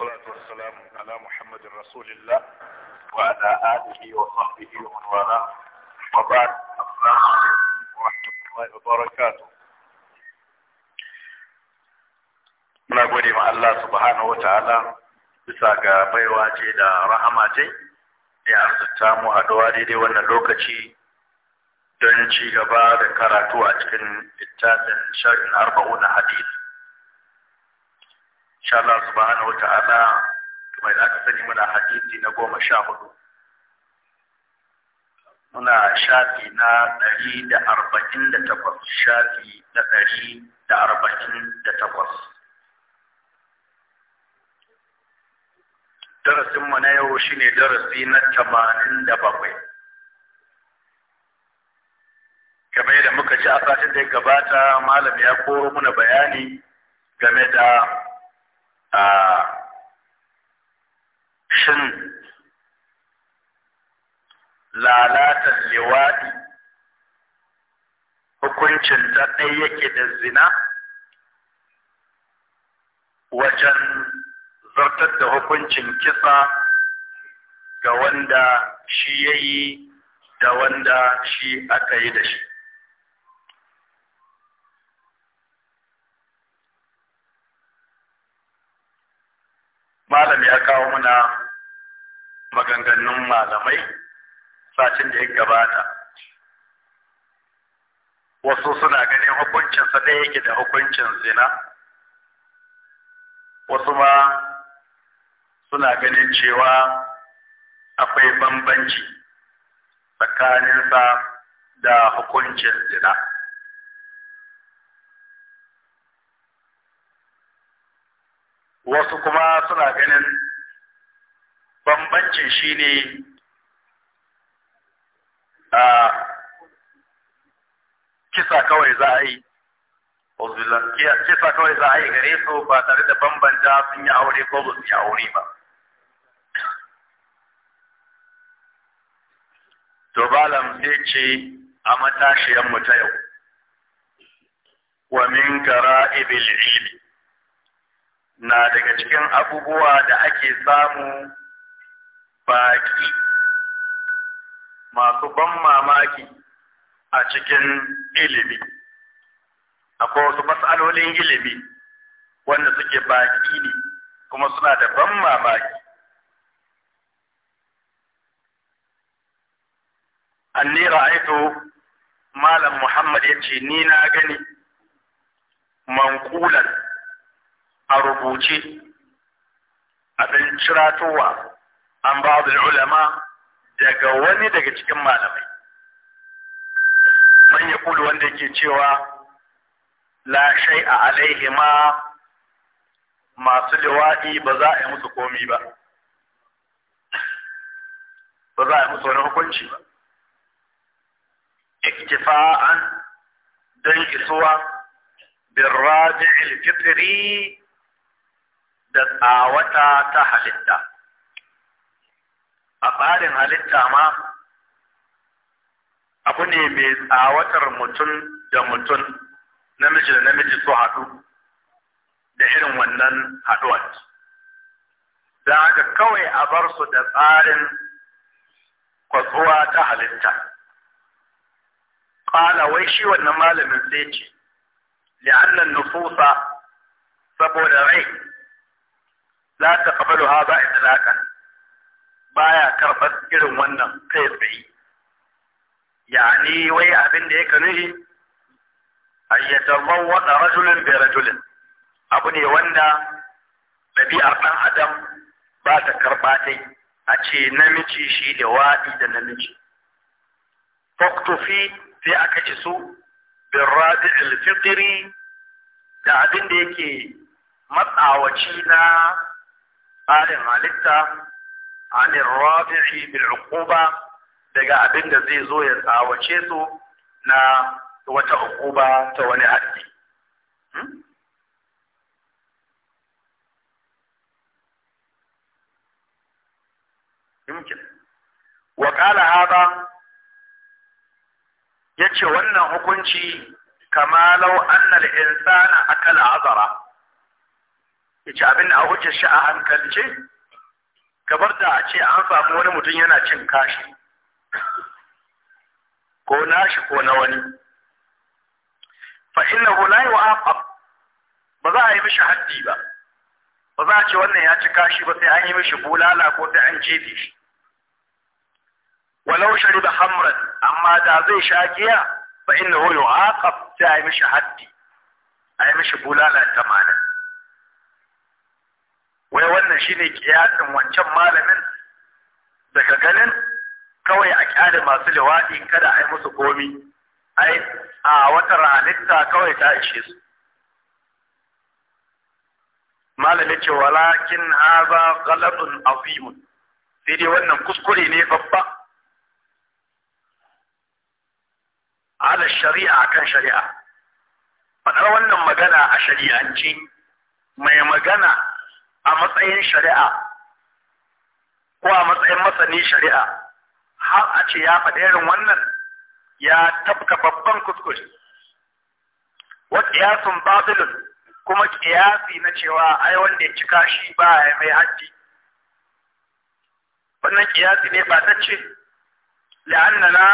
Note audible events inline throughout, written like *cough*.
والصلاة والسلام على محمد رسول الله وعلى آله وصحبه ومن والاه وبعد السلام عليكم ورحمة الله وبركاته muna gode ma Allah subhanahu wataala bisa ga baiwa ce da rahama ce ya arzuta mu haɗuwa daidai wannan lokaci don ci gaba da karatu a cikin littafin sharhin arba'una hadith insha Allah subhanahu wata'ala kuma da aka sani muna hadisi na goma sha hudu muna shafi na ɗari da arba'in da takwas shafi na ɗari da arba'in da takwas darasinmu na yau shine darasi na tamanin da bakwai game da muka ci a satin da gabata malam ya koro muna bayani game da shin lalatan liwaɗi hukuncin ta yake da zina wajen zartar da hukuncin kisa ga wanda shi ya yi da wanda shi aka yi da shi malam ya kawo mana maganganun malamai sacin da ya gabata wasu suna ganin sa ɗaya yake da hukuncin zina wasu ma suna ganin cewa akwai bambanci tsakaninsa da hukuncin zina wasu kuma suna ganin bambancin shi ne a kisa kawai za a yi kisa kawai za a yi gare su ba tare da bambanta sun yi aure ko ba sun yi aure ba to sai ce a matashiyan mu ta yau wa min gara ibil ilmi na daga cikin abubuwa da ake samu baki masu ban mamaki a cikin ilimi akwai wasu matsalolin ilimi wanda suke baƙi ne kuma suna da ban mamaki anni ra'aitu malam muhammad ya ce ni na gani mankulan a rubuce a ɗan ciratowa an ba da ulama daga wani daga cikin malamai man kulu wanda ke cewa la shai a alaihi ma masu liwaɗi ba za a yi musu komi ba ba za a yi musu wani hukunci ba iktifa'an don isuwa bin da da tsawata ta halitta a tsarin halitta ma abu ne mai tsawatar mutum da mutum namiji da namiji su haɗu da irin wannan haɗuwa Da haka kawai a bar su da tsarin kwatsuwa ta halitta ƙala wai shi wannan malamin sai ce li'allan nufusa saboda rai la taqbalu hadha itlaqan baya karbar irin wannan kai tsaye yani wai abin da yake nuhi ayyatamman wada rajulin bai rajulin abu ne wanda ɗabi'ar ɗan adam ba ta karɓa tai a ce namiji shi da wadi da namiji fi sai aka ci su bin rabi alfitiri da abin da yake matsawaci na tsarin halitta an rafi'i bil uquba daga abinda zai zo ya tsawace su na wata uquba ta wani haddi hmm? yumkin wa qala hada yace wannan hukunci kama law anna al insana akala azara ce abin da a hujjar shi a hankalce kamar da a ce an samu wani mutum yana cin kashi ko nashi ko na wani na hulayi wa yu'aqab ba za a yi mishi haddi ba ba za a ce wannan ya ci kashi ba sai an yi mishi bulala ko sai an jefe shi walau da hamran amma da zai sha giya hulayi wa yu'aqab sai a yi mishi haddi a yi mishi bulala tamanin wai wannan shine kiyasin wancan malamin daga ganin kawai a kyale masu liwaɗi kada a yi musu komi ai a wata ranitta kawai ta ishe su malami ce walakin haza ghalabun azimun sai dai wannan kuskure ne babba ala shari'a akan shari'a faɗar wannan magana a shari'ance mai magana a matsayin shari'a ko a matsayin masani shari'a har a ce ya faɗi irin wannan ya tafka babban kuskure wa qiyasun babilun kuma qiyasi na cewa ai wanda ya cika shi ba ya mai haddi wannan qiyasi ne ba ta ce la'annana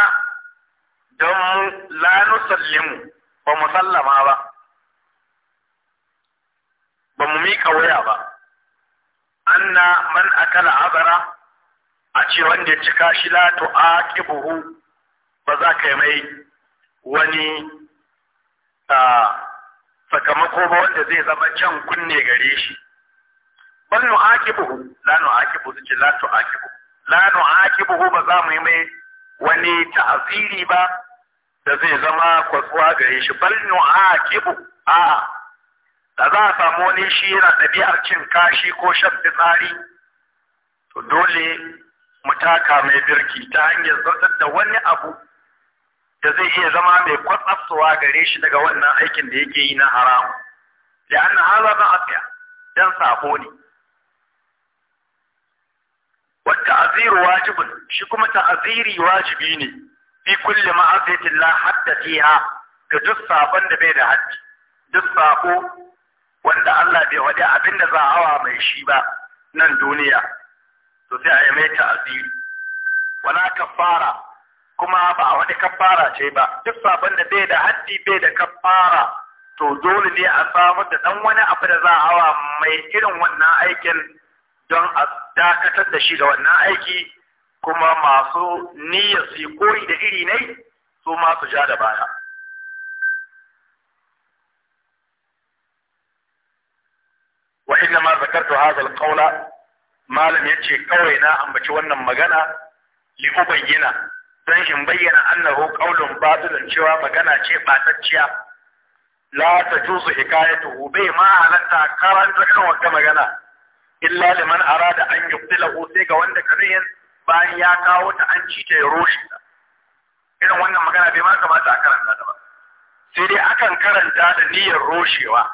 don mu la nusallimu ba mu sallama ba ba mu miƙa waya ba anna man akala abara a ce wanda ya la to a kibuhu ba za ka yi mai wani sakamako ba wanda zai zama can kunne gare shi bal akibuhu la su ce la akibu la akibuhu ba za mu yi mai wani ta'ziri ba da zai zama kwatsuwa gare shi bal akibu a da za a samu wani shi yana ɗabi'ar cin kashi ko shan fitsari to dole mutaka mai birki ta hanyar zartar da wani abu da zai iya zama mai kwatsatsuwa gare shi daga wannan aikin da yake yi na haramu da an na haza ba afiya dan sako ne wata aziru wajibin shi kuma ta'aziri wajibi ne fi kulli ma'asiyatin la hadda ga duk sabon da bai da haddi duk sako wanda Allah bai wadi abin da za a hawa mai shi ba nan duniya to sai a yi mai ta'aziri wala kafara kuma ba a wani kafara ce ba duk sabon da bai da haddi bai da kafara to dole ne a samu da ɗan wani abu da za a hawa mai irin wannan aikin don a dakatar da shi da wannan aiki kuma masu niyyar su koyi da iri ne su ma su ja da baya wa inna ma zakartu hadha alqawla malam yace kawai na ambaci wannan magana li ubayyana dan in bayyana annahu qawlun batilun cewa magana ce batacciya la tajuzu hikayatuhu bai ma halatta karanta irin wata magana illa liman arada an yubtilahu sai ga wanda kariyin bayan ya kawo ta an ci ya roshe ta irin wannan magana bai ma kamata a karanta ta ba sai dai akan karanta da niyyar roshewa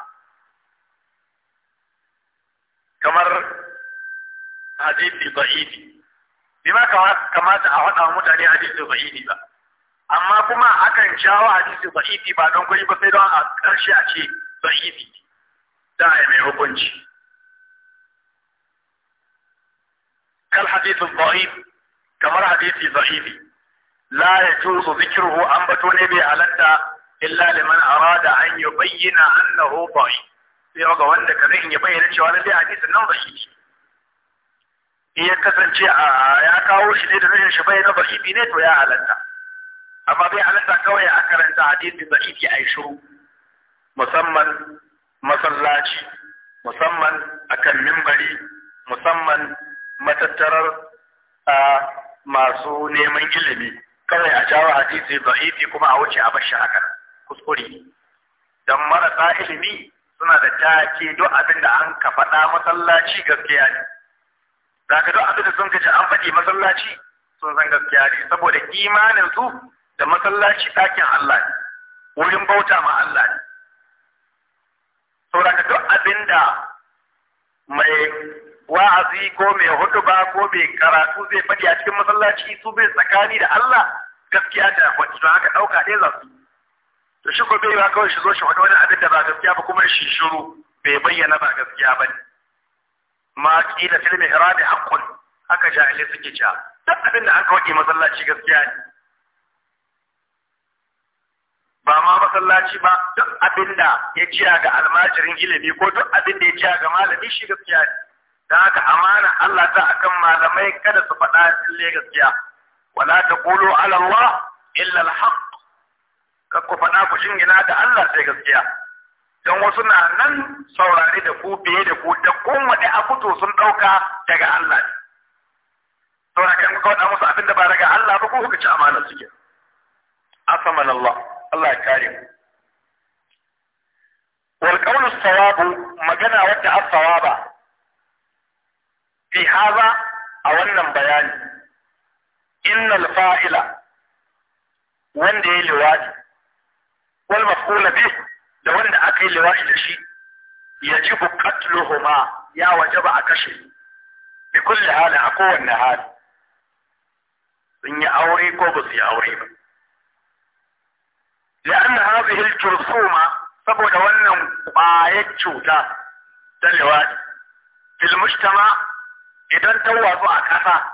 kamar hadisi da'ifi bai ma kamata a faɗa mutane hadisi da'ifi ba amma kuma akan jawo hadisi da'ifi ba don guri ba sai don a ƙarshe a ce da'ifi da a mai hukunci kal hadisi da'if kamar hadisi da'ifi la yajuzu zikruhu an bato ne bai halatta illa liman arada an yubayyana annahu da'if sai ga wanda ka zai ya bayyana cewa na dai hadisin nan zahiri in ya kasance a ya kawo shi ne da zai shi bayyana zahiri ne to ya halatta amma bai halatta kawai a karanta hadisin zahiri a yi shuru musamman masallaci musamman akan mimbari musamman matattarar a masu neman ilimi kawai a jawo hadisi zahifi kuma a wuce a bashi haka kuskure don marasa ilimi suna da take do abin da an ka faɗa masallaci gaskiya ne ka do abin da sun kace an faɗi masallaci sun san gaskiya ne saboda imanin su da masallaci ɗakin Allah ne wurin bauta ma Allah ne saboda duk abin da mai wa'azi ko mai hutuba ko mai karatu zai faɗi a cikin masallaci su bai tsakani da Allah gaskiya ta faɗi haka ɗauka ɗaya za su to shi ko bai ba kawai shi zo shi faɗi wani abin da ba gaskiya ba kuma shi shiru bai bayyana ba gaskiya ba ma kila fil mihrab haqqun haka jahilai suke cewa duk abin da an kawai masallaci gaskiya ne ba ma masallaci ba duk abin da ya jiya ga almajirin ilimi ko duk abin da ya jiya ga malami shi gaskiya ne don haka amana Allah ta akan malamai kada su faɗa lalle gaskiya wala taqulu ala Allah illa al-haqq kar ku faɗa ku shingina da Allah sai gaskiya don wasu na nan saurare da ku biye da ku da kowane abu to sun ɗauka daga Allah ne saboda kan ka faɗa musu abin da ba daga Allah ba ko kuka ci amana suke? kenan asaman Allah Allah ya kare mu wal qawlu sawabu magana wadda as sawaba fi haza a wannan bayani innal fa'ila wanda ya liwadi والمفقول به لو أن أكل واحد شيء يجب قتلهما يا وجب أكشف بكل هذا أقوى هذا إني أوريك وبصي أوريك لأن هذه الجرثومة فبدا وانهم بايت شوتا تلواج في المجتمع إذا توافوا أكفا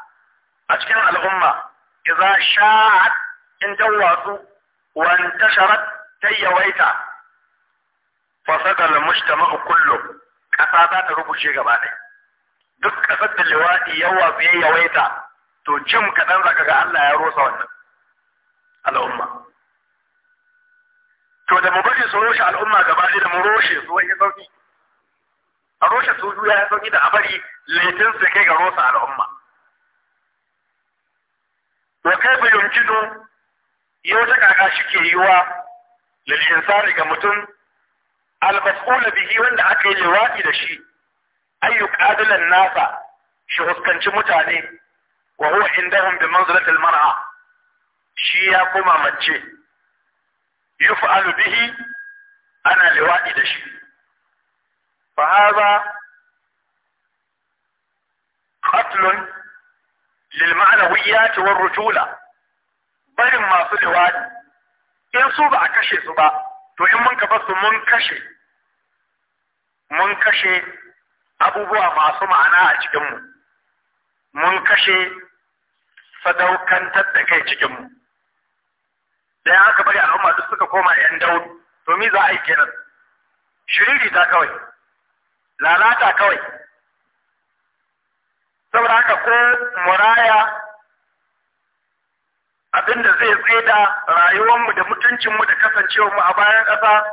أشكال الأمة إذا شاعت إن توافوا وانتشرت ta yawaita fasadar mujtama kullum ƙasa za ta rubuce gaba ɗaya duk ƙasar da liwaɗi yawa ya yawaita to jim kaɗan zaka ga Allah ya rusa wannan al'umma to da mu bari su roshe al'umma gaba ɗaya da mu roshe su wani sauki a roshe su juya ya sauki da a bari laifin su kai ga rosa al'umma wa kai bayan yumkinu yau ta kaka shi ke yiwa للإنسان كمتن المسؤول به وند أكي لوائي الشيء أي يقادل الناس شخص كانت متاني وهو عندهم بمنزلة المرأة شيا كما متشي يفعل به أنا لوائي الشيء فهذا قتل للمعنويات والرجولة بل ما في الوادي in su ba a kashe su ba to in mun kafa su mun kashe mun kashe abubuwa masu ma'ana a cikinmu mun kashe sadaukantar da kai cikinmu ya haka bari al'umma duk suka koma yan dawo, to mi za a yi kenan shiriri ta kawai lalata kawai saboda haka ko muraya abinda zai tseda rayuwarmu da mutuncinmu da kasancewarmu a bayan ƙasa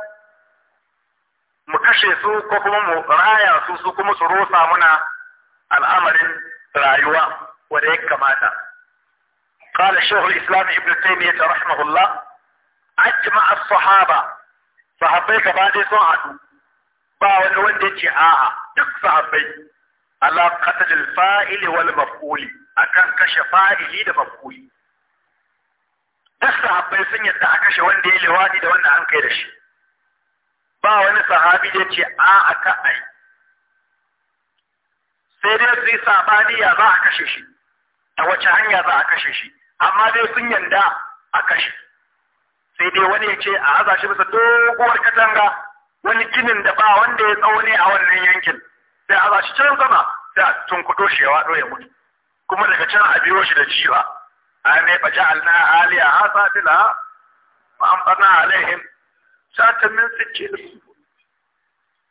mu kashe su ko kuma mu raya su su kuma su rosa muna al'amarin rayuwa wanda ya kamata قال الشيخ الإسلام ابن تيمية رحمه الله أجمع الصحابة صحابي كبادي صعدوا باون وندي آه دك صحابي على قتل الفاعل والمفعول أكان كشفائه ده مفعولي duk sahabbai sun yadda a kashe wanda ya liwadi da wanda an kai da shi ba wani sahabi da ce a aka ai sai dai zai sabani ya za a kashe shi a wace hanya za a kashe shi amma dai sun yanda a kashe sai dai wani ya ce a haza shi bisa doguwar katanga wani ginin da ba wanda ya tsaune a wannan yankin sai a haza shi can sama sai a tunkuto shi ya waɗo ya mutu kuma daga can a biyo shi da jiwa ai ne fa ja'alna aliya hasatila fa amtarna alaihim satan min su.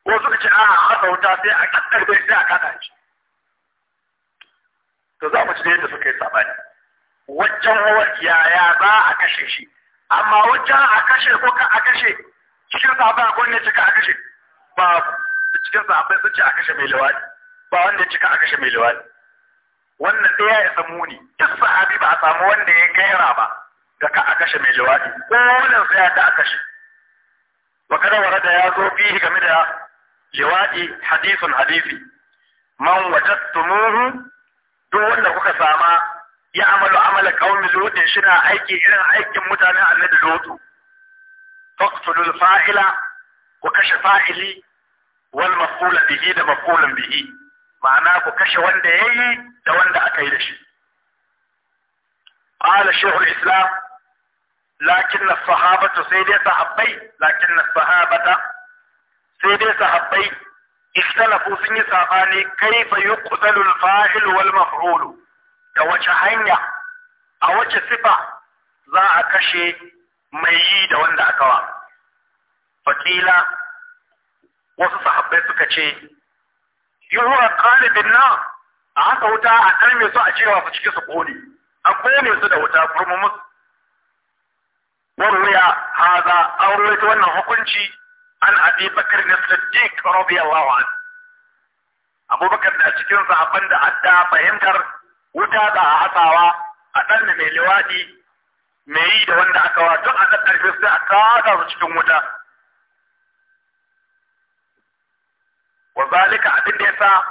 ko suka ce a haka wuta sai a kaddar bai sai a kada shi to za mu ci da suka yi sabani waccan hawarkiya ya za a kashe shi amma waccan a kashe ko ka a kashe cikin sahabbai akwai ne cika a kashe ba cikin sahabbai sun ce a kashe mai ne, ba wanda ya cika a kashe mai ne. wannan ɗaya ya samu ni duk sahabi ba a samu wanda ya gaira ba da ka a kashe mai jawabi ko wannan sai ta a kashe wa kada ya zo fihi game da jawabi hadisun hadisi man wajattumuhu duk wanda kuka sama ya amalu amala qaumi lutin shi na aiki irin aikin mutanen annabi lutu faqtulul fa'ila ku kashe fa'ili wal maf'ula bihi da maf'ulan bihi ma'ana ku kashe wanda ya yi da wanda aka yi da shi Ƙala shehul islam lakin na sahabatu sai dai sahabbai lakin na sahabata sai dai sahabbai ikhtalafu sun yi sabani kai yi al-fa'il wal maf'ul da wace hanya a wace sifa za a kashe mai yi da wanda aka wa fakila wasu sahabbai suka ce yuwa kalibin na a haka wuta a karme su a cewa su cikin su kone a kone su da wuta kurmumus warwaya haza an ta wannan hukunci an abi bakar na siddiq radiyallahu an abubakar na cikin sahabban da adda fahimtar wuta da a hasawa a ɗan mai liwadi mai yi da wanda aka wa tun a ɗan sai a kada cikin wuta wa zalika abin da yasa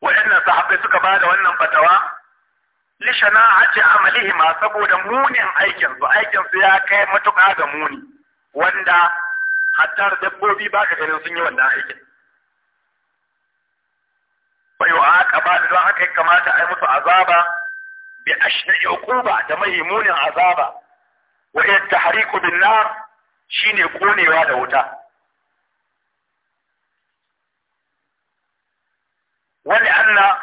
waɗannan sahabbai suka ba da wannan fatawa li shana'ati amalihima saboda munin aikin su aikin su ya kai matuƙa ga muni wanda hatta dabbobi ba ka ganin sun yi wannan aikin bai wa aka ba da don haka kamata ai musu azaba bi ashna'i uquba da mai munin azaba wa yadda bin nar shine konewa da wuta Wani ولأن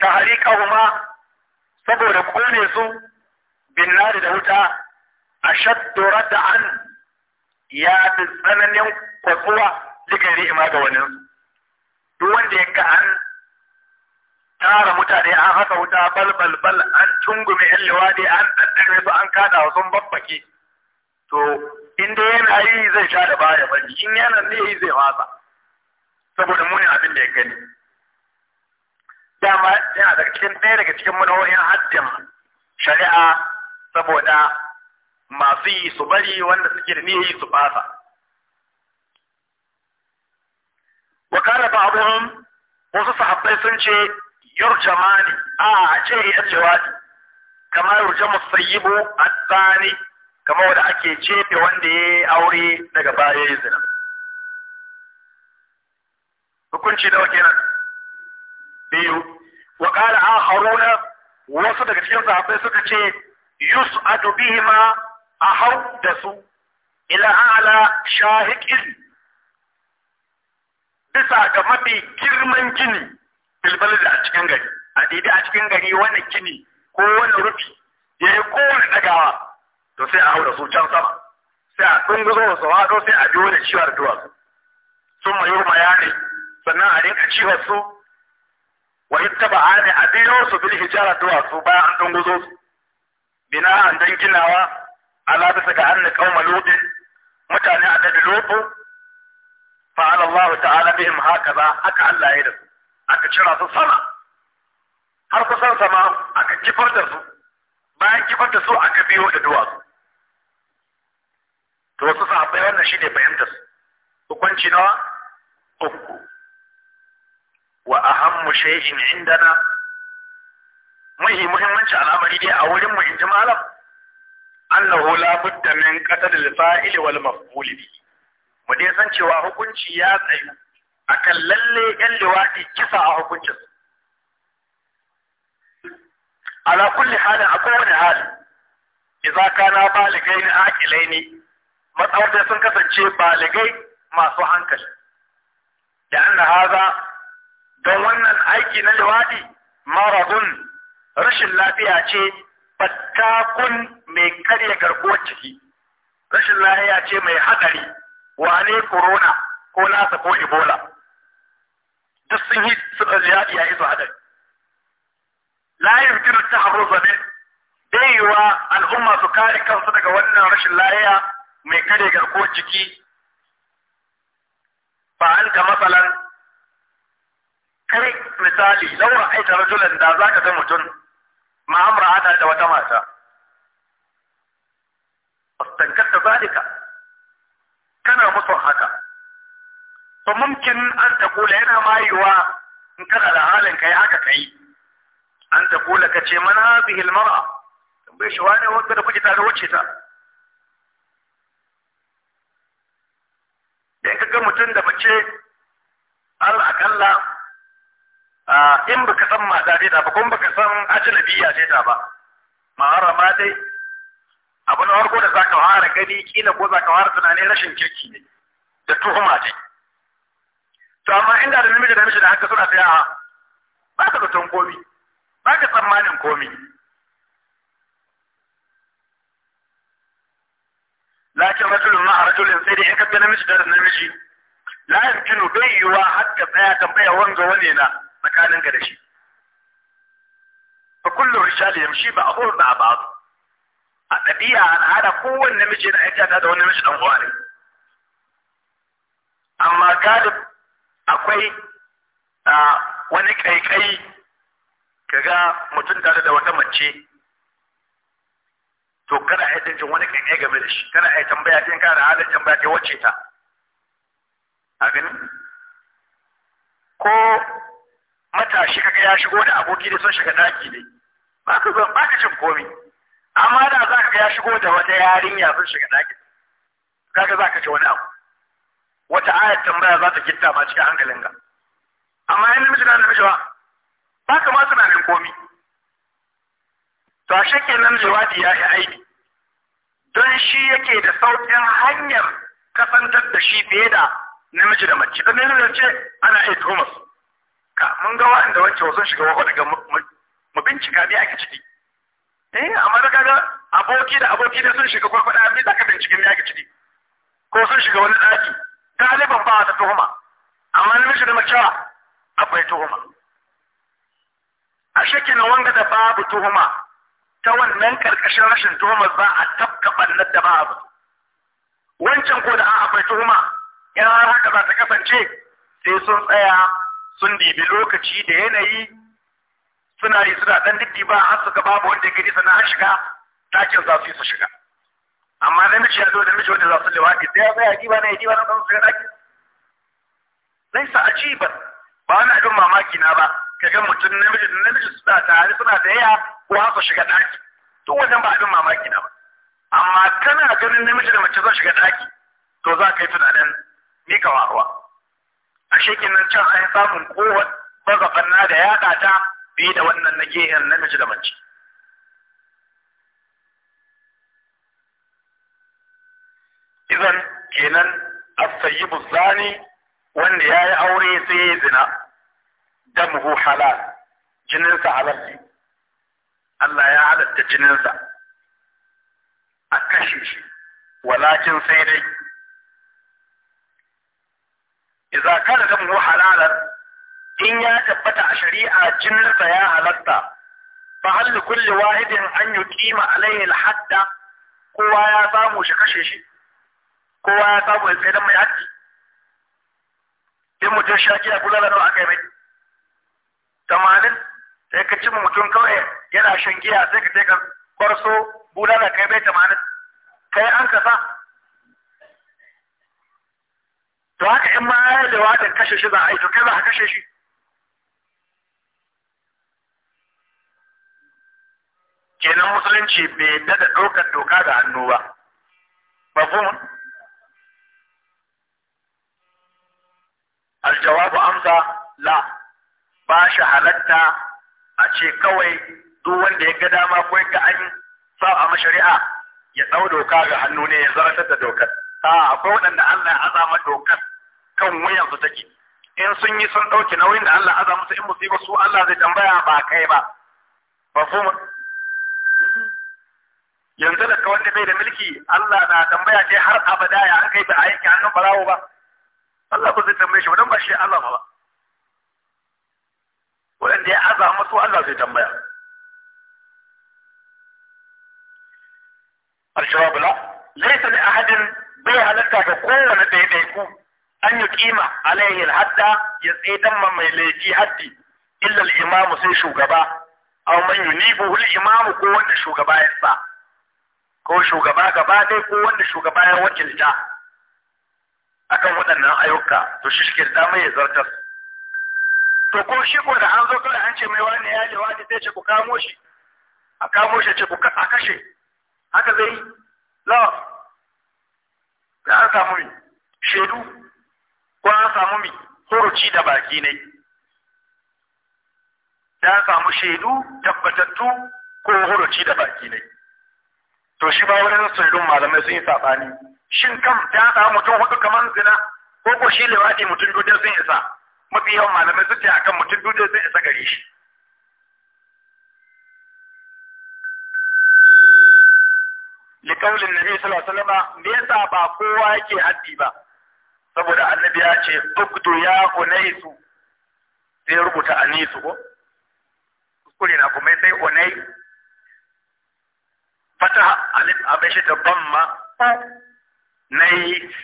تحريقهما saboda kone su bin nari da wuta a shaddu da an fi tsananin kwatsuwa ligari ima ga wani duk wanda ya ga an tara mutane an haka wuta bal bal bal an tungume yan liwadi an ɗaɗɗare su an kada sun babbake to inda yana yi zai sha da baya bane in yana ne zai wasa saboda mun gani dama yana daga cikin ɗaya daga cikin manohin haddin shari'a saboda masu yi su bari wanda suke da niyyar su fasa wa kana ba'dhum wasu sahabbai sun ce yurjamani a ce ya cewa kamar yurjamu sayyibu at tsani kamar wanda ake cefe wanda ya aure daga baya ya zina hukunci nawa kenan biyu wa qala akharuna wasu daga cikin sahabbai suka ce yus'adu bihima hau da su ila a'la shahiqin bisa ga mafi girman gini bilbalin a cikin gari a daidai a cikin gari wani gini ko wani rufi ya yi kowane ɗagawa to sai a hau da su can sama sai a ɗunguzo da su sai a biyo da ciwar duwatsu sun mayu ma ya ne sannan a rinka ciwon su wa yattaba'a ne a biyo su bil hijara duwatsu bayan an dunguzo su an dan ginawa ala bisa ga anna qauma lutin mutane a dadi lutu fa'ala Allah ta'ala bihim hakaza haka Allah ya da su aka cira su sama har kusan sama aka kifar da su bayan kifar da su aka biyo da duwatsu to wasu sahabbai wannan shi bayan fahimtar su hukunci nawa uku wa ahammu shay'in indana muhi muhimmanci al'amari dai a wurin mu inji malam annahu la budda min qatl al wal maf'ul mu dai san cewa hukunci ya tsayu akan lalle yan liwati kisa a hukuncin ala kulli halin akwai wani hali idza kana baligaini aqilaini matsawar sun kasance baligai masu hankali da anna haza don wannan aiki na liwaɗi maragun rashin lafiya ce fattakun mai karya garkuwar ciki rashin lafiya ce mai haɗari wane corona ko lasa ko ebola duk sun yi suka liwaɗi ya yi su haɗari la yumkinu taharruza min bai al'umma su kare kansu daga wannan rashin lafiya mai karya garkuwar ciki Ba an ga matsalan kai misali laura aita rajulan da za ka ga mutum ma'amra ana da wata mata fastankarta zalika kana musu haka fa mumkin an ta kula yana mayuwa in kana da halin kai haka kai an ta kula ka ce man hadhihi almar'a bai shi wani wanda da kuke tare wacce ta dan kaga mutum da mace al akalla Ah, in baka san mata ce ta ba kuma baka san ajnabiya ce ta ba maharama dai abu na farko da ka fara gani kila ko za ka fara tunanin rashin kirki ne da tuhuma ce to amma inda da namiji da namiji da haka suna tsaya ba ka zaton komi ba ka tsammanin komi lakin rajulun ma'a rajulun sai dai in ka ga namiji da namiji la yamkinu bai hatta tsaya tambaya wanzo wane na ga da shi fa kullu rijal yamshi ba a da ba'd a ɗabi'a al'ada kowanne namiji na ta- da wani namiji dan uwa ne amma galib akwai wani kaikai kaga mutum tare da wata mace to kana yi jin wani kaikai game da shi kana yi tambaya din kana da hada tambaya ta wace ta a gani ko matashi kaga ya shigo da aboki da sun shiga daki ne ba ka zo ba ka cin komi amma da za ka ya shigo da wata yarinya sun shiga daki kaga za ka ci wani abu wata ayat tambaya za ta gitta ma cikin hankalinka amma in namiji na namiji ba ba ka ma tunanin komi to ashe kenan nan jawabi ya yi aiki don shi yake da sauƙin hanyar kasantar da shi fiye da namiji da mace don namiji ce ana iya tuhumar ka mun ga wa'anda wancan wasu shiga wa daga mu bincika me ake ciki eh amma da kaga aboki da aboki da sun shiga kwakwada me za ka bincike me ake ciki ko sun shiga wani daki galiban ba ta tuhuma amma na mishi da macewa akwai tuhuma a na wanga da babu tuhuma ta wannan karkashin rashin tuhuma za a tafka ɓannar da babu wancan ko da akwai tuhuma yana haka za ta kasance sai sun tsaya sun ɗibi lokaci da yanayi suna yi suna ɗan diddiba har su ga babu wanda ya gani sana'a shiga takin za su yi su shiga amma namiji ya zo da miji wanda za su liwaɗi sai ya a diba na ya diba na ɗan su ga ɗakin sa ajiban ba wani abin mamaki na ba ka ga mutum namiji na namiji suna tare suna da yaya ko har su shiga ɗaki to wajen ba abin mamaki na ba amma kana ganin namiji da mace zan shiga ɗaki to za ka yi tunanin ni ka waruwa a shekin can an samun kowar bazafanna da yaɗa ta bi da wannan na gehen namiji da mace. Izan kenan asayibu zani wanda ya yi aure sai ya zina damuhu halal jininsa halal Allah ya halatta jininsa a kashe shi walakin sai dai idza kana damu halalan in ya tabbata a shari'a jinnata ya halatta fa hal kulli wahidin an yuqima alayhi al-hadda kowa ya samu shi kashe shi kowa ya samu ya tsaye mai haddi. in mutum shaki a kula da nawa aka yi mai tamanin sai ka cimma mutum kawai yana shan giya sai ka sai ka kwarso bulala kai bai tamanin kai an kasa to haka in ma da jawadin kashe shi za a yi to kai za a kashe shi kenan musulunci bai da ɗaukar doka da hannu ba mun. aljawabu amsa la ba shi halatta a ce kawai duk wanda ya ga dama ko ga an sa a mashari'a ya ɗau doka ga hannu ne ya zartar da dokar a akwai waɗanda Allah ya azama dokar kan wuyan take in sun yi sun ɗauki nauyin da Allah aza musu in musiba su Allah zai tambaya ba kai ba mafhum yanzu da wanda bai da mulki Allah na tambaya ce har abada ya an kai ba a yanke hannun barawo ba Allah ba zai tambaye shi ba don ba shi Allah ba waɗanda ya aza musu Allah zai tambaya Al-Shababula, الجواب لا ليس لأحد بيها لك كل من بيديكم an yi kima alaihi hadda ya tsedan mai laifi haddi illa imamu sai shugaba aw man yunibu hul imamu ko wanda shugaba ya sa ko shugaba gaba dai ko wanda shugaba ya wakilta akan waɗannan ayyuka to shi shi da mai zartar to ko shi ko da an zo kawai an ce mai wani ya wani sai ce ku kamo shi a kamo shi ce ku a kashe haka zai yi la Ya samu shaidu ko an samu mi furuci da baki ne ya samu shaidu tabbatattu ko huruci da baki ne to shi ba wani sirrin malamai sun yi sabani shin kam ta samu mutum hudu kamar zina ko ko shi lewadi mutum dudai sun isa mafi yawan malamai su ce akan mutum dudai sun isa gare shi لقول النبي صلى الله عليه وسلم me yasa ba kowa yake haddi ba saboda annabi ya ce ukdu ya unaisu sai rubuta anisu ko kuskure na kuma sai unai fata alif abin shi ta bamma nai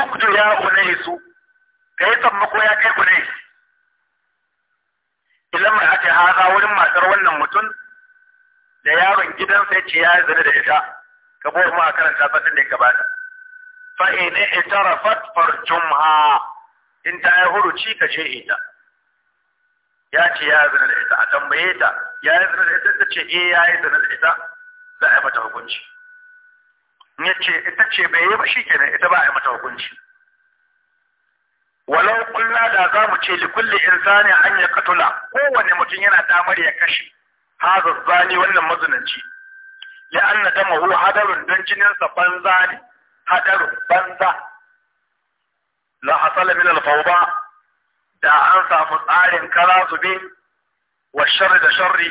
ukdu ya unaisu kai sammako ya kai unai Idan mai ake haza wurin matar wannan mutum da yaron gidan sai ce ya zane da ita ka bo a karanta fasin da ya gabata fa in i'tarafat farjumha in ta yi huruci ka ce ita ya ce ya zina da ita a tambaye ta ya yi zina da ita ta ce eh ya yi zina da ita za a yi mata hukunci ya ce ita ce bai yi ba shi kenan ita ba a yi mata hukunci walau kulla da za mu ce likulli insani an ya katula kowane mutum yana damar ya kashe hazar zani wannan mazunanci la'anna damahu hadarun don jininsa banza ne hadarin banza la hasala min al-fawda da an samu tsarin kara su bi wa sharri da sharri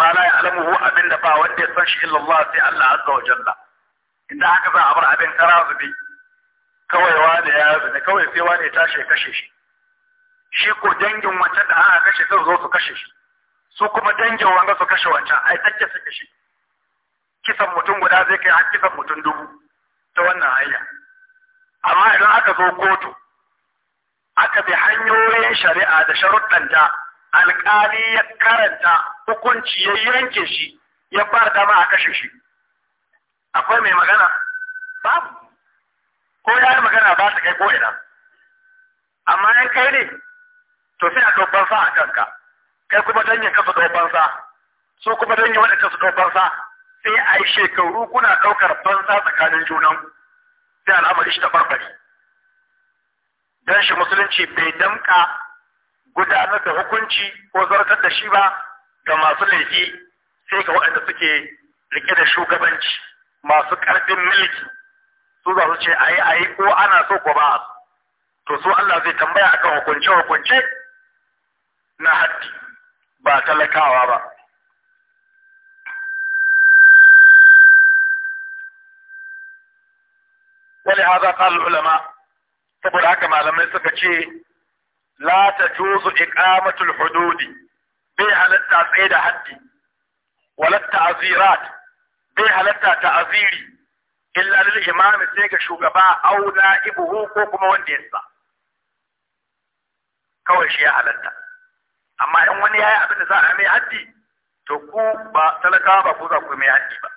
ma la ya'lamuhu abin da ba wanda ya san shi illa Allah sai Allah azza wa jalla inda haka za a bar abin kara su bi kawai wani ya yi zane kawai sai wani ya tashi ya kashe shi shi ko dangin wancan da aka kashe sai zo su kashe shi su kuma dangin wanga su kashe wancan ai take su kashe kisan mutum guda zai kai har kisan mutum dubu ta wannan hanya amma idan aka zo kotu aka bi hanyoyin shari'a da sharuɗanta alƙali ya karanta hukunci ya yanke shi ya fara dama a kashe shi akwai mai magana babu ko ya yi magana ba su kai ko amma yan kai ne to sai a ɗaukan sa a kanka kai kuma dangin kasa ɗaukan sa su kuma dangin waɗanda su ɗaukan sa sai a yi shekaru kuna ɗaukar fansa tsakanin junan sai al'amari shi ta farfari don shi musulunci bai damka gudanar da hukunci ko zartar da shi ba ga masu laifi sai ga waɗanda suke rike da shugabanci masu ƙarfin mulki su za su ce a yi a yi ko ana so ko ba to su Allah zai tambaya akan hukunce-hukunce na haddi ba talakawa ba. ولهذا قال العلماء saboda haka malamai suka ce la ta juzu iqamatul hududi bai halatta tsaye da haddi wala ta'zirat bai halatta ta'ziri illa lil imam shugaba ko kuma wanda ya sa kawai shi ya halatta amma in wani yayi abin da za a mai haddi to ku ba talakawa ba ku za ku mai haddi ba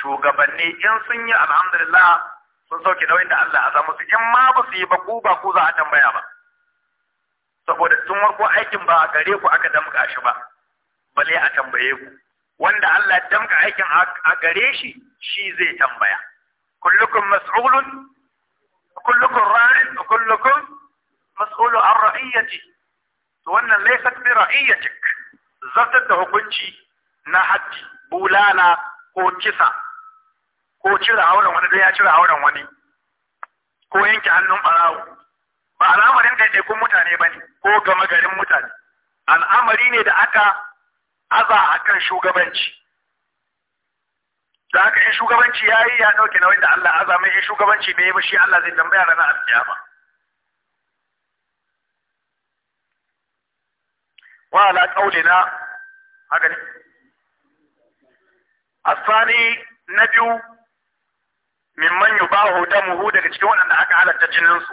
shugabanni in sun yi alhamdulillah sun sauke nauyin da Allah a samu su in ma ba su yi ba ku ba ku za a tambaya ba saboda tun warko aikin ba a gare ku aka damka shi ba bale a tambaye ku wanda Allah ya damka aikin a gare shi shi zai tambaya kullukum mas'ulun kullukum ra'in kullukum mas'ulun an ra'iyati to wannan laysat bi ra'iyatik zartar da hukunci na haddi bulala ko kisa ko cire auren wani da ya cire auren wani ko yanke hannun ɓarawo. ba al'amarin da kun mutane ba ne ko gama garin mutane al'amari ne da aka aza a kan shugabanci da aka yi shugabanci ya yi ya ɗauke nauyin da Allah aza mai in shugabanci bai ba shi Allah zai tambaya ranar ba? wa ala na, haka ne asani na biyu mimman da muhu daga cikin waɗanda aka halatta jininsu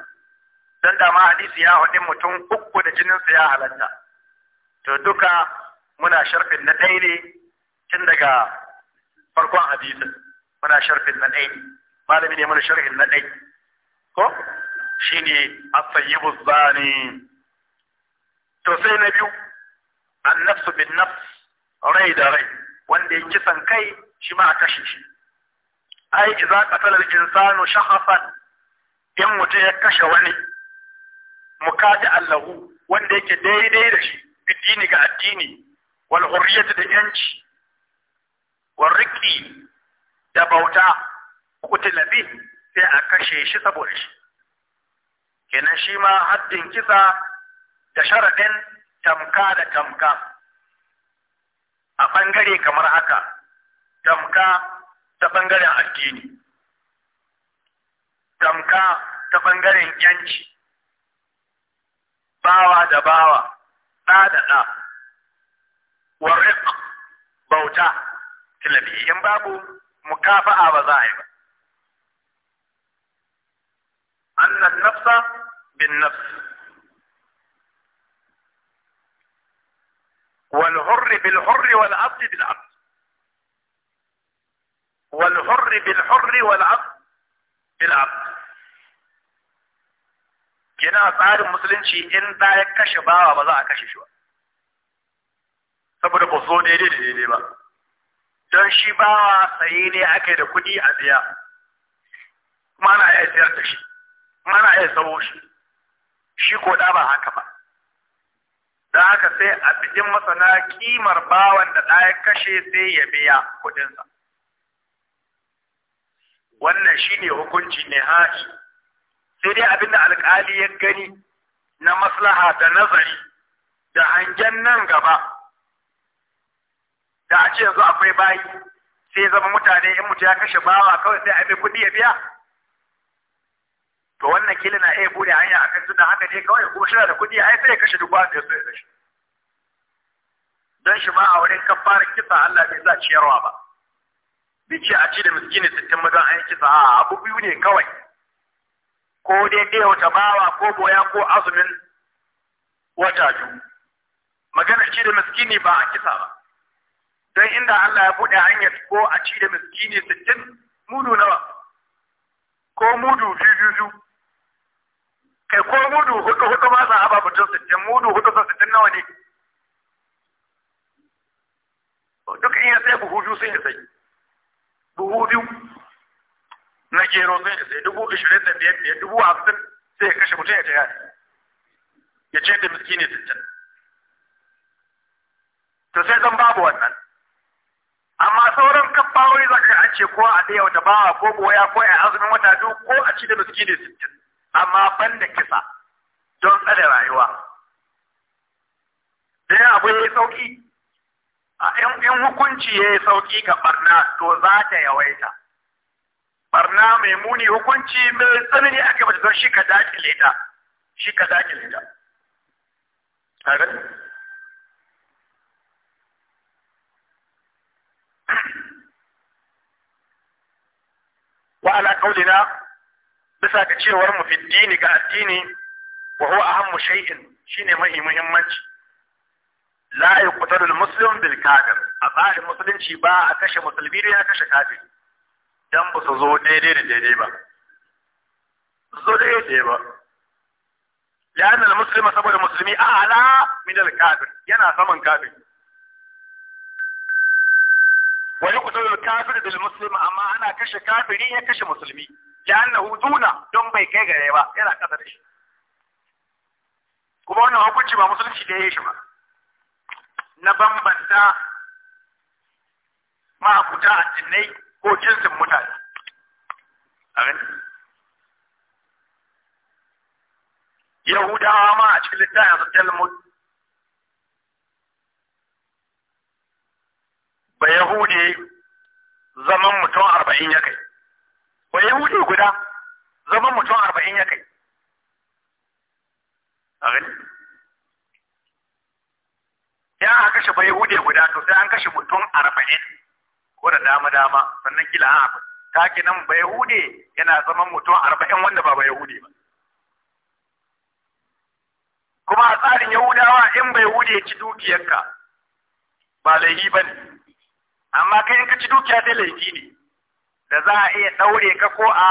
don dama hadisi ya haɗe mutum uku da jininsu ya halatta to duka muna sharfin na ɗaya ne tun daga farkon hadisin muna sharfin na ɗaya malami ne muna sharfin na ɗaya ko shi ne asayibu zani to sai na biyu an nafsu bin nafs rai da rai wanda ya kisan kai shi ma a kashe shi ai iza qatala al-insanu shakhsan in mutum ya kashe wani mukati allahu wanda yake daidai da shi bidini ga addini wal hurriyatu da yanci wal riqi da bauta kutila bi sai a kashe shi saboda shi kenan shi ma haddin kisa da sharaɗin tamka da tamka a bangare kamar haka tamka ta ɓangaren addini, tamka ta ɓangaren yanci, bawa da bawa, ɗa da ɗa, warriƙ bauta, tilabi, in babu mukafa'a ba za a yi ba. Annan nafsa bin nafs. والحر بالحر والعبد بالعبد wal hurri bil hurri wal abd bil kina tsarin musulunci in da ya kashe bawa ba za a kashe shi ba saboda ba zo daidai da daidai ba don shi bawa saye ne ake da kuɗi a biya kuma na iya siyar da shi kuma na iya sawo shi shi ko da ba haka ba don haka sai a bikin masana kimar bawan da ɗaya kashe sai ya biya kuɗinsa wannan shi ne hukunci ne haɗi sai dai abinda alƙali ya gani na maslaha da nazari da hangen nan gaba da a ce yanzu akwai bayi sai zama mutane in mutu ya kashe bawa kawai sai a bi kuɗi ya biya to wannan kila na iya bude hanya a kan da haka ne kawai kuma shi da kuɗi ai sai ya kashe duk wanda ya so ya kashe don shi ba a wurin kafarar kisa Allah bai sa ciyarwa ba bai ce a ci da miskini sittin mazan an yi kisa a abu biyu ne kawai ko daidai wata bawa ko boya ko azumin wata biyu magana ci da miskini ba a kisa ba don inda Allah ya buɗe hanyar ko a ci da miskini sittin mudu nawa ko mudu biyu biyu kai ko mudu hudu hudu ba sa haba mutum sittin mudu hudu sa sittin nawa ne Duk iya sai buhu biyu sai ya sai dubu biyu na gero zai da sai dubu ishirin da biyar biyar dubu hamsin sai ya kashe mutum ya ta yaki ya ce da ne sittin to sai zan babu wannan amma sauran kafawoyi za ka an ce ko a ɗaya wata bawa ko boya ko a azumin wata biyu ko a ci da ne sittin amma ban da kisa don tsada rayuwa. Da abu ya yi sauki A in hukunci ya yi sauƙi ga barna to za ta yawaita barna mai muni hukunci mai tsanani a mata don shi ka dakile ta shi ka ta wa ala kaulina bisa ga cewar mu fi dini ga addini wa huwa ahammu shay'in shine mai muhimmanci la yuqtalu muslim bil kafir a tsarin musulunci ba a kashe musulmi da ya kashe kafin, dan ba su zo daidai da daidai ba zo daidai ba لأن المسلم saboda musulmi min من kafin yana saman kafin. wani kusurin kafir da musulmi amma ana kashe kafiri ya kashe musulmi لأنه دونه don bai kai gare ba yana kasa da shi kuma wannan hukunci ba musulunci da ya yi shi ba na bambanta ma'abuta jinnai ko jinsin mutane a Yahudawa ma a cikin littafin su Talmud ba Yahudi zaman mutum arba'in ya kai, ba Yahudi guda zaman mutum arba'in ya kai. A gani? ya aka kashe bai hude guda to sai an kashe mutum arba'in ko da dama dama sannan kila an abu ta nan bai hude yana zaman mutum arba'in wanda ba bai hude ba kuma a tsarin yahudawa in bai hude ci dukiyarka ba laifi ba ne amma kai in ka ci dukiya dai laifi ne da za a iya ɗaure ka ko a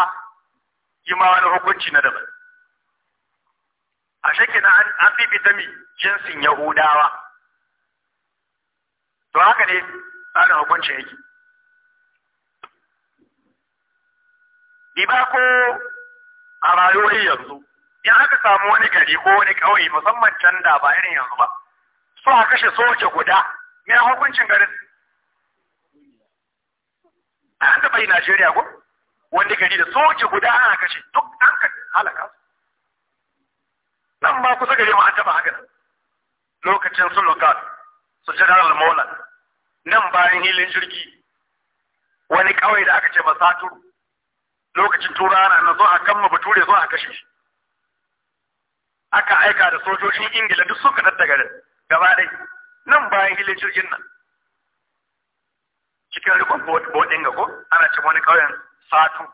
yi ma wani hukunci na daban a shekina an fifita mi jinsin yahudawa to haka ne tsarin hukunci yake diba ko a rayuwar yanzu in aka samu wani gari ko wani ƙauye musamman can da ba irin yanzu ba so a kashe soja guda mai hukuncin garin an taɓa yi Najeriya ko wani gari da soja guda ana kashe duk an ka halaka nan ba kusa gari ma an taɓa haka lokacin sun lokal su general maulan nan bayan hilin jirgi wani kawai da aka ce saturu. lokacin turawa na zo a kan bature zo a kashe shi aka aika da sojojin ingila duk suka tatta garin gaba ɗai nan bayan hilin jirgin nan cikin rikon bodin ga ko ana cin wani ƙauyen satu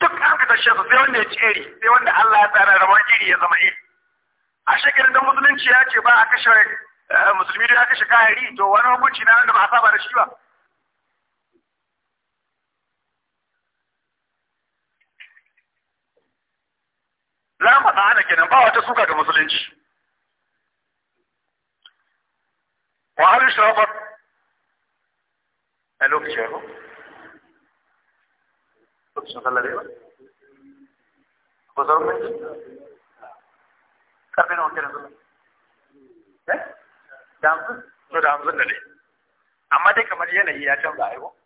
duk an kasar shi su sai wanda ya tsere sai wanda Allah ya tsara rawan iri ya zama iri a shekarun da musulunci ya ce ba a kashe musulmi duk ya kashe kahiri to wani hukunci na wanda ba a saba da shi ba za mu tsana kenan ba wata suka ga musulunci wa har shafar a lokacin ba lokacin sallare ba ko zarfin karfe na wakilin da hamsin da hamsin da dai amma dai kamar yanayi ya canza aiko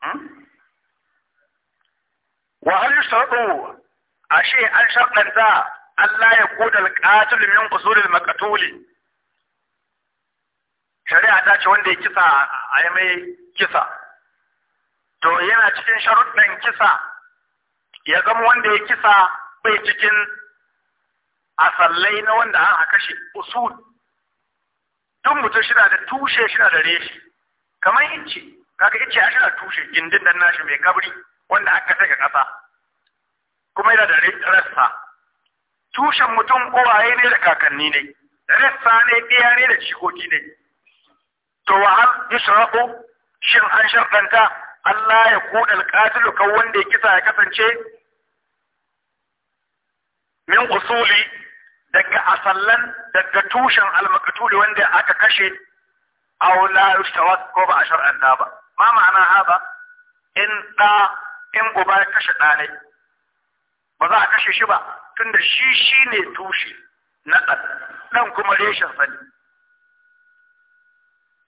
hmm? wa hal ashe an sharɗanta Allah ya koda alqatil min qusulil maqtuli shari'a ta ce wanda ya kisa a yi mai kisa to yana cikin sharuɗin kisa ya zama wanda ya kisa bai cikin asallai na wanda an kashe usul duk mutum shi da tushe shi da reshi kamar inci kaga ice a shi da tushe gindin dan nashi mai kabri wanda aka saka kasa kuma yana da rassa tushen mutum uwaye ne da kakanni ne rassa ne ɗaya ne da cikoki ne to wa hal yushraqu shin an sharɗanta Allah ya kuɗa alƙatilu kan wanda ya kisa ya kasance min usuli daga asallan daga tushen almakatuli wanda aka kashe aw la yustawa ko ba a da ba ma ma'ana haba in da in uba ya kashe ɗanai ba za a kashe shi ba tunda shi shi ne tushe na ɗan kuma reshen sani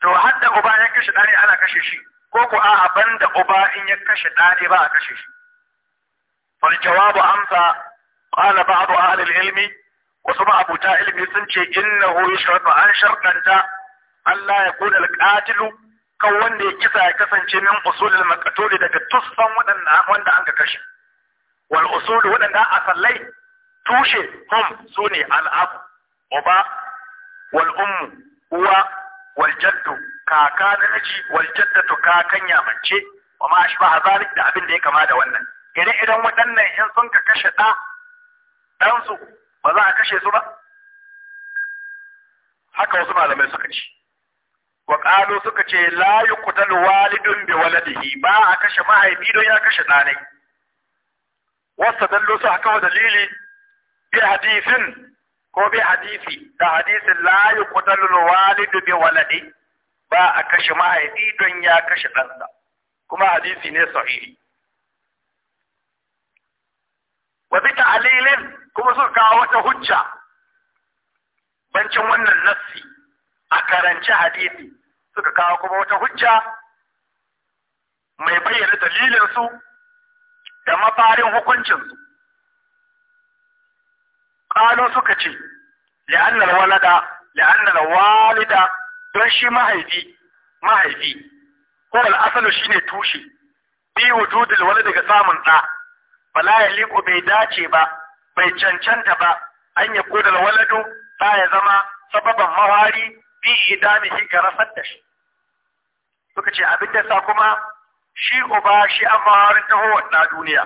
to hadda uba ya kashe ɗanai ana kashe shi ko ko a'a da uba in ya kashe ɗanai ba a kashe shi fal jawabu amsa qala ba'du ahli al wasu ma'abuta ilimi sun ce innahu yushratu an shartanta Allah ya al alqatilu kan wanda ya kisa ya kasance min usulul maqtul daga tusfan wadanda wanda an ka kashe wal usul wadanda asallai tushe hum sune al'ab uba wal ummu uwa wal jaddu kaka na naji wal jaddatu kakan yamance wa ma ashbaha zalik da abin da ya kama da wannan ire idan waɗannan in sun ka kashe ɗa ɗansu ba za a kashe su ba haka wasu malamai suka ce wa qalu suka ce la yuqtalu walidun bi waladihi ba a kashe mahaifi don ya kashe ɗanai wasu dallo su haka wa dalili bi hadisin ko bi hadisi da hadisin la yuqtalu walidun bi waladi ba a kashe mahaifi don ya kashe ɗansa kuma hadisi ne sahihi wa bi ta'lilin kuma suka kawo wata hujja bancin wannan nassi a karance hadisi suka kawo kuma wata hujja mai bayyana dalilin su da mafarin hukuncin su kano suka ce li'anna walada li'anna walida don shi mahaifi mahaifi ko al'asalu shine tushe bi wujudil walidi ga samun ɗa fala ya liku bai dace ba bai cancanta ba an ya kodal waladu ba ya zama sababan mawari bi shi ga rafar da shi suka ce abin da sa kuma shi uba shi an mawarin taho na duniya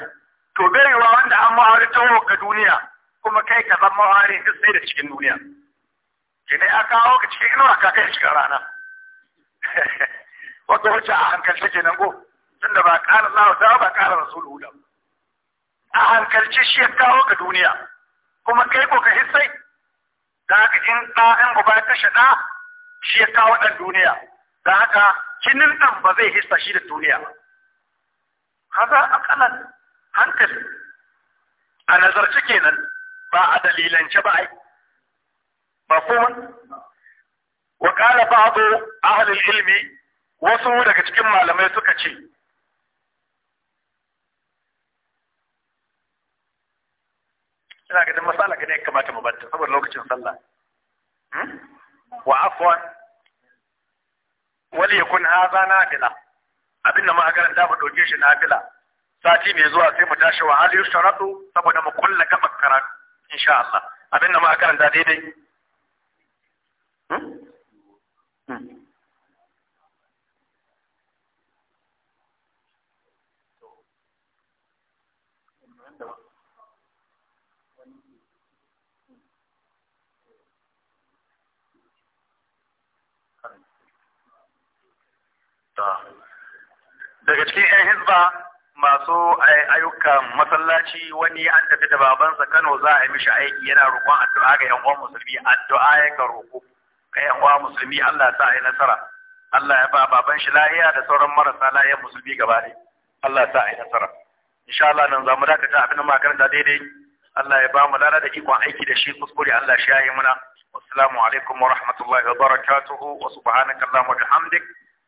to berewa wanda an mawarin taho ga duniya kuma kai ka zama mawarin duk sai da cikin duniya dai a kawo ka cikin inuwa ka kai cikin rana *laughs* wata wacce a hankali take nan go tunda ba ƙara Allah ta ba ƙara Rasulullah da a hankalci shi ya kawo ga duniya kuma kai ko ka hissai da haka in ɗa'in guba ta shaɗa shi ya kawo ɗan duniya da haka jinin ɗan ba zai hissa shi da duniya Haza a ƙanan hankali a nazarci kenan ba a dalilance ba ai kuma wa qala a halin ilmi wasu daga cikin malamai suka ce ina ganin masala ga ne ya kamata mu banta saboda lokacin sallah wa afwan wal yakun hadha nafila abin da muka karanta mu doke shi nafila sati mai zuwa sai mu tashi wa hal yushratu saboda mu kulla gaba karatu insha Allah abin da muka karanta daidai hmm? Hmm. daga cikin 'yan hizba masu ayyukan masallaci wani an tafi da babansa Kano za a yi mishi aiki yana roƙon addu'a ga 'yan uwan musulmi addu'a ya ka roƙo ga 'yan uwan musulmi Allah sa yi nasara Allah ya ba baban shi lahiya da sauran marasa lahiyar musulmi gaba ɗaya Allah sa yi nasara insha Allah nan za mu dakata abin da makaranta daidai Allah ya ba mu lada da ikon aiki da shi kuskure Allah shi ya yi muna wassalamu alaikum wa rahmatullahi wa barakatuhu wa subhanakallahumma wa bihamdika